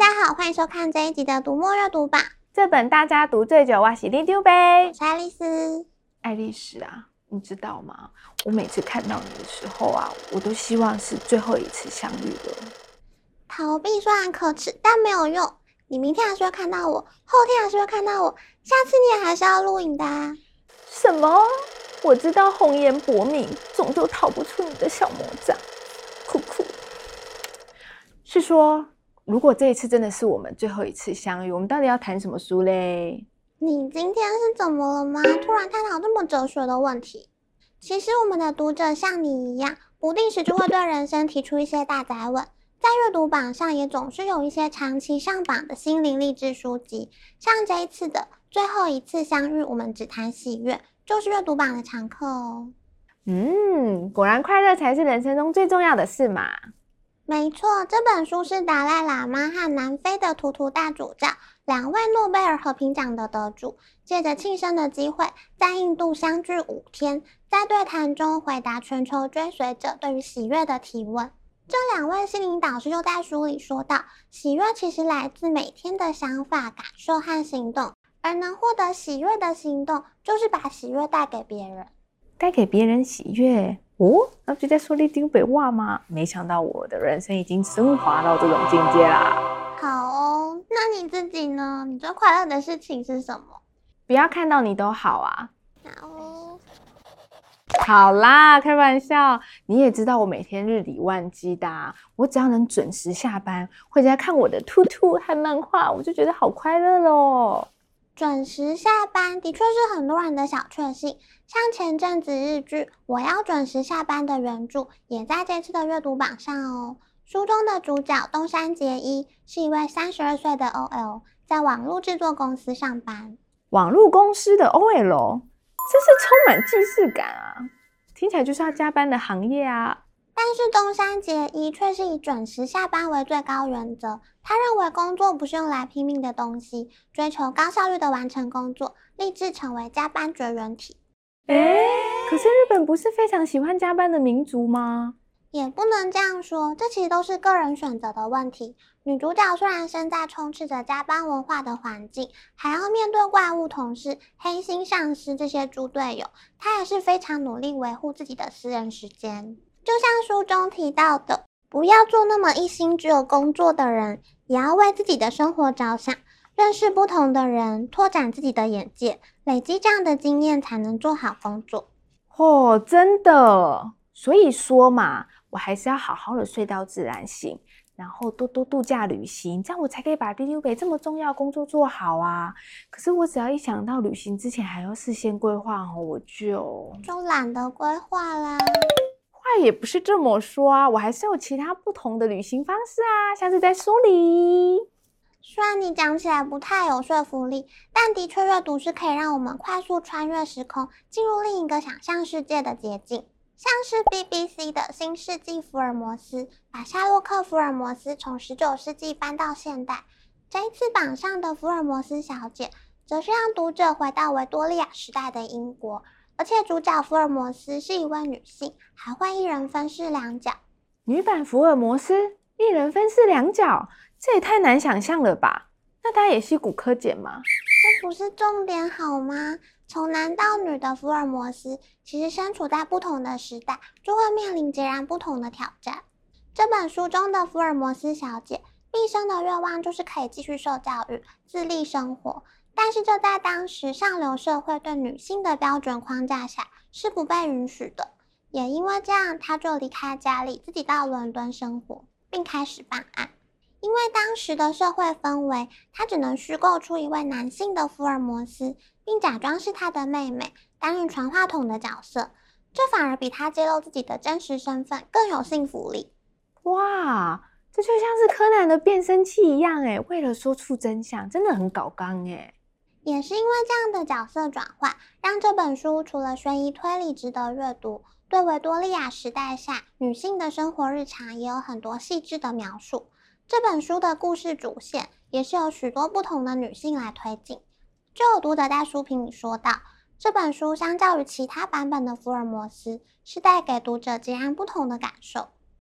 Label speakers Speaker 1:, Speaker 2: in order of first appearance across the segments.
Speaker 1: 大家好，歡迎收看這一集的《讀墨閱讀榜》，這本大家讀最久
Speaker 2: 哇！我是里長伯，我是愛麗絲。愛麗絲啊，你知道嗎？我每次看到你的時候啊，我都希望是最後一次相遇的。
Speaker 1: 逃避雖然可恥，但沒有用。你明天還是會看到我，後天還是會看到我，下次你也還是要錄影的啊。什麼？我知道紅顏薄命，終
Speaker 2: 究逃不出你的小魔掌。酷酷。是說，如果這一次真的是我們最後一次相遇，我們到底要談什麼書嘞？
Speaker 1: 你今天是怎麼了嗎？突然探討這麼哲學的問題。其實我們的讀者像你一樣，不定時就會對人生提出一些大哉問，在閱讀榜上也總是有一些長期上榜的心靈勵志書籍，像這一次的《最後一次相遇》，我們只談喜悅，就是閱讀榜的常客哦。嗯，
Speaker 2: 果然快樂才是人生中最重要的事嘛。
Speaker 1: 沒錯，這本書是達賴喇嘛和南非的圖圖大主教，兩位諾貝爾和平獎的得主，借着慶生的機會，在印度相聚五天，在對談中回答全球追隨者對於喜悅的提問。這兩位心靈導師就在書裡說道：「喜悅其實來自每天的想法、感受和行動，而能獲得喜悅的行動，就是把喜悅帶給別人，
Speaker 2: 帶給別人喜悅。哦，那不就在說一丟北話嗎？沒想到我的人生已經升華到這種境界啦！
Speaker 1: 好哦，那你自己呢？你最快樂的事情是什麼？
Speaker 2: 不要看到你都好啊！好、哦。好啦，開玩笑，你也知道我每天日理萬機的、啊，我只要能準時下班
Speaker 1: 回家看我的兔兔和漫畫，我就覺得好快樂咯。準時下班的確是很多人的小確幸，像前陣子日劇《我要準時下班》的原著也在這次的閱讀榜上哦。書中的主角東山結衣是一位三十二歲的 OL，在網絡制作公司上班。
Speaker 2: 網絡公司的 OL，真
Speaker 1: 是充滿既視感啊！聽起來就是要加
Speaker 2: 班的行業啊。
Speaker 1: 但是中山結衣卻是以準時下班為最高原則。她認為工作不是用來拼命的東西，追求高效率的完成工作，立志成為加班絕緣體。誒、欸，可是日本不是非常喜歡加班的民族嗎？也不能這樣說，這其實都是個人選擇的問題。女主角雖然身在充斥着加班文化的環境，還要面對怪物同事、黑心上司這些豬隊友，她也是非常努力維護自己的私人時間。就像書中提到的，不要做那麼一心只有工作的人，也要為自己的生活着想，認識不同的人，拓展自己的眼界，累積這樣的經驗，才能做好工作。
Speaker 2: 哦，真的，所以說嘛，我還是要好好的睡到自然醒，然後多多度假旅行，這樣我才可以把地球給這麼重要的工作做好啊。可是我只要一想到旅行之前還要事先規劃，我就就懶得規劃啦。那也不是這麼說啊，我還是有其他不同的旅行方式啊。下次再梳
Speaker 1: 理。雖然你講起來不太有說服力，但的確，閱讀是可以讓我們快速穿越時空，進入另一個想象世界的捷徑。像是 BBC 的《新世紀福爾摩斯》，把夏洛克·福爾摩斯從19世紀搬到現代；這一次榜上的《福爾摩斯小姐》，則是讓讀者回到維多利亞時代的英國。而且主角福爾摩斯是一位女性，還會一人分飾兩角。
Speaker 2: 女版福爾摩斯一人分飾兩角，這也太難想象了吧？那她也是骨科姐嗎？
Speaker 1: 這不是重點好嗎？從男到女的福爾摩斯，其實身處在不同的時代，就會面臨截然不同的挑戰。這本書中的福爾摩斯小姐，畢生的願望就是可以繼續受教育，自立生活。但是這在當時上流社會對女性的標準框架下是不被允許的，也因為這樣，他就離開家裡，自己到倫敦生活，並開始辦案。因為當時的社會氛圍，他只能虛構出一位男性的福爾摩斯，並假裝是他的妹妹，擔任傳話筒的角色。這反而比他揭露自己的真實身份更有說服力。哇，這就像是柯南的
Speaker 2: 變聲器一樣哎，為了說出真相，真的很搞剛哎。
Speaker 1: 也是因為這樣的角色轉換，讓這本書除了懸疑推理值得閱讀，對維多利亞時代下女性的生活日常也有很多細緻的描述。這本書的故事主線也是由許多不同的女性來推進。就有讀者在書評裡說道，這本書相較於其他版本的福爾摩斯，是帶給讀者截然不同的感受。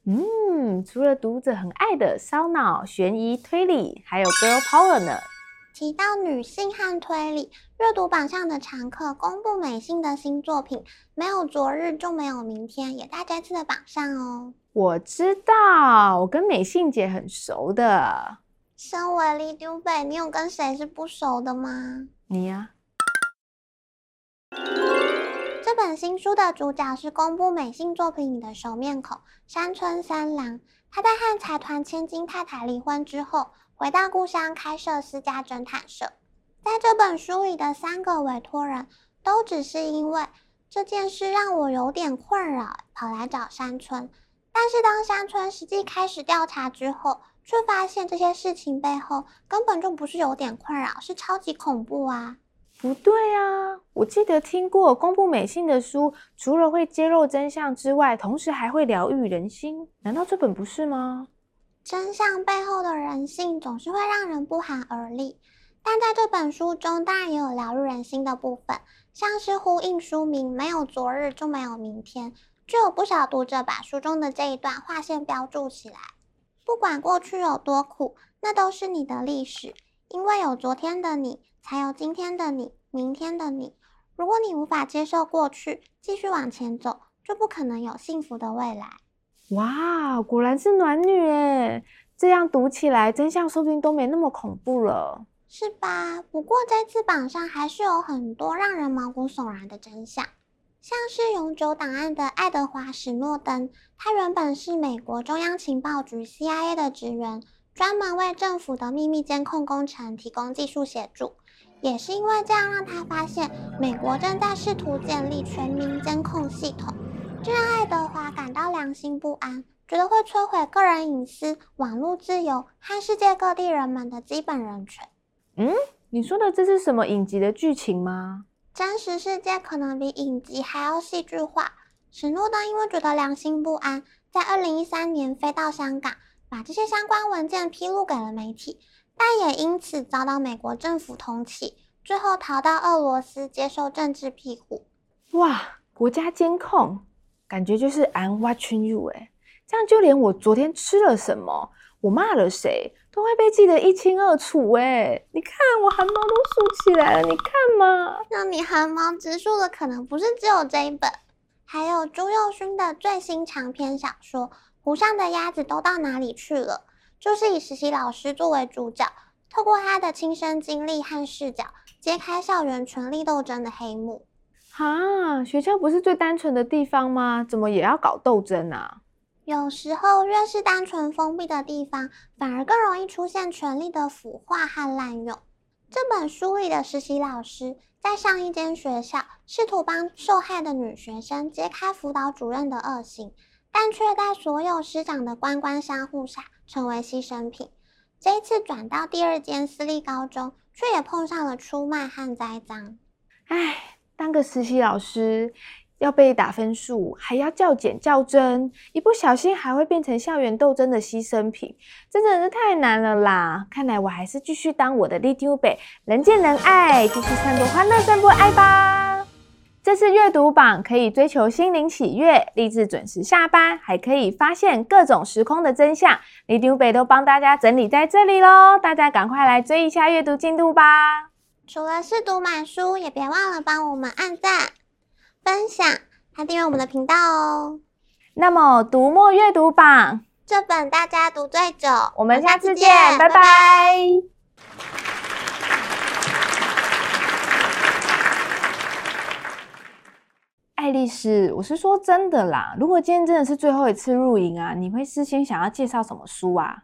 Speaker 2: 嗯，除了讀者很愛的燒腦懸疑推理，還有 girl power 呢。
Speaker 1: 提到女性和推理，閱讀榜上的常客宮部美幸的新作品，沒有昨日就沒有明天，也在這次的榜上哦。
Speaker 2: 我知道，我跟美幸姐很熟的。
Speaker 1: 身為里長伯，你有跟誰是不熟的嗎？你呀、啊。這本新書的主角是宮部美幸作品裡的熟面孔杉村三郎，他在和財團千金太太離婚之後。回到故鄉開設私家偵探社，在這本書裡的三個委託人都只是因為這件事讓我有點困擾，跑來找杉村。但是當杉村實際開始調查之後，卻發現這些事情背後根本就不是有點困擾，是超級恐怖啊！不
Speaker 2: 對啊，我記得聽過宮部美幸的書，除了會揭露真相之
Speaker 1: 外，同時還會療癒人心，難道這本不是嗎？真相背後的人性總是會讓人不寒而慄，但在這本書中，當然也有療癒人心的部分，像是呼應書名“沒有昨日就沒有明天”，就有不少讀者把書中的這一段劃線標註起來。不管過去有多苦，那都是你的歷史，因為有昨天的你，才有今天的你，明天的你。如果你無法接受過去，繼續往前走，就不可能有幸福的未來。
Speaker 2: 哇、wow，果然是暖女耶！這樣讀起來，真相說不定都沒那麼恐怖了，
Speaker 1: 是吧？不過在字榜上還是有很多讓人毛骨悚然的真相，像是永久檔案的愛德華史諾登，他原本是美國中央情報局 CIA 的職員，專門為政府的祕密監控工程提供技術協助，也是因為這樣讓他發現美國正在試圖建立全民監控系統。這讓愛德華感到良心不安，覺得會摧毀個人隱私、網絡自由和世界各地人們的基本人權。
Speaker 2: 嗯，你說的這是什麼影集的劇情
Speaker 1: 嗎？真實世界可能比影集還要戲劇化。史諾登因為覺得良心不安，在二零一三年飛到香港，把這些相關文件披露給了媒體，但也因此遭到美國政府通緝，最後逃到俄羅斯接受政治庇護。哇，
Speaker 2: 國家監控！感覺就是 I'm watching you 哎，這樣就連我昨天吃了什麼，我罵了誰，都會被記得一清二楚哎！你
Speaker 1: 看我汗毛都豎起來了，你看嘛，讓你汗毛直豎的可能不是只有這一本，還有朱宥勳的最新長篇小說《湖上的鴨子都到哪裡去了》，就是以實習老師作為主角，透過他的親身經歷和視角，揭開校園權力鬥爭的黑幕。
Speaker 2: 啊，學校不是最單純的地方嗎？怎麼也要搞鬥爭呢？
Speaker 1: 有時候越是單純封閉的地方，反而更容易出現權力的腐化和濫用。這本書裡的實習老師，在上一間學校試圖幫受害的女學生揭開輔導主任的惡行，但卻在所有師長的官官相護下成為犧牲品。這一次轉到第二間私立高中，卻也碰上了出賣和栽贓。
Speaker 2: 唉。當個實習老師，要被打分數，還要較減較真，一不小心還會變成校園鬥爭的犧牲品，真的是太難了啦！看來我還是繼續當我的里長伯，人見人愛，繼續散播歡樂，散播愛吧。這次閱讀榜可以追求心靈喜悅，立志準時下班，還可以發現各種時空的真相，里長伯都幫大家整理
Speaker 1: 在這裡嘍，大家趕快來追一下閱讀進度吧。除了是讀滿書，也別忘了幫我們按讚、分享、還訂閱我們的頻道哦。
Speaker 2: 那麼，讀墨閱讀榜
Speaker 1: 這本大家讀最久，我們下次見，拜
Speaker 2: 拜。愛麗絲，我是說真的啦，如果今天真的是最後一次入營啊，你會事先想要介紹什麼書啊？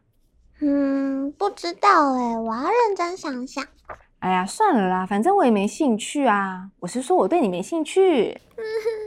Speaker 1: 嗯，不知道誒欸，我要認真想一想。
Speaker 2: 哎呀，算了啦，反正我也沒興趣啊。我是說，我對你沒興趣。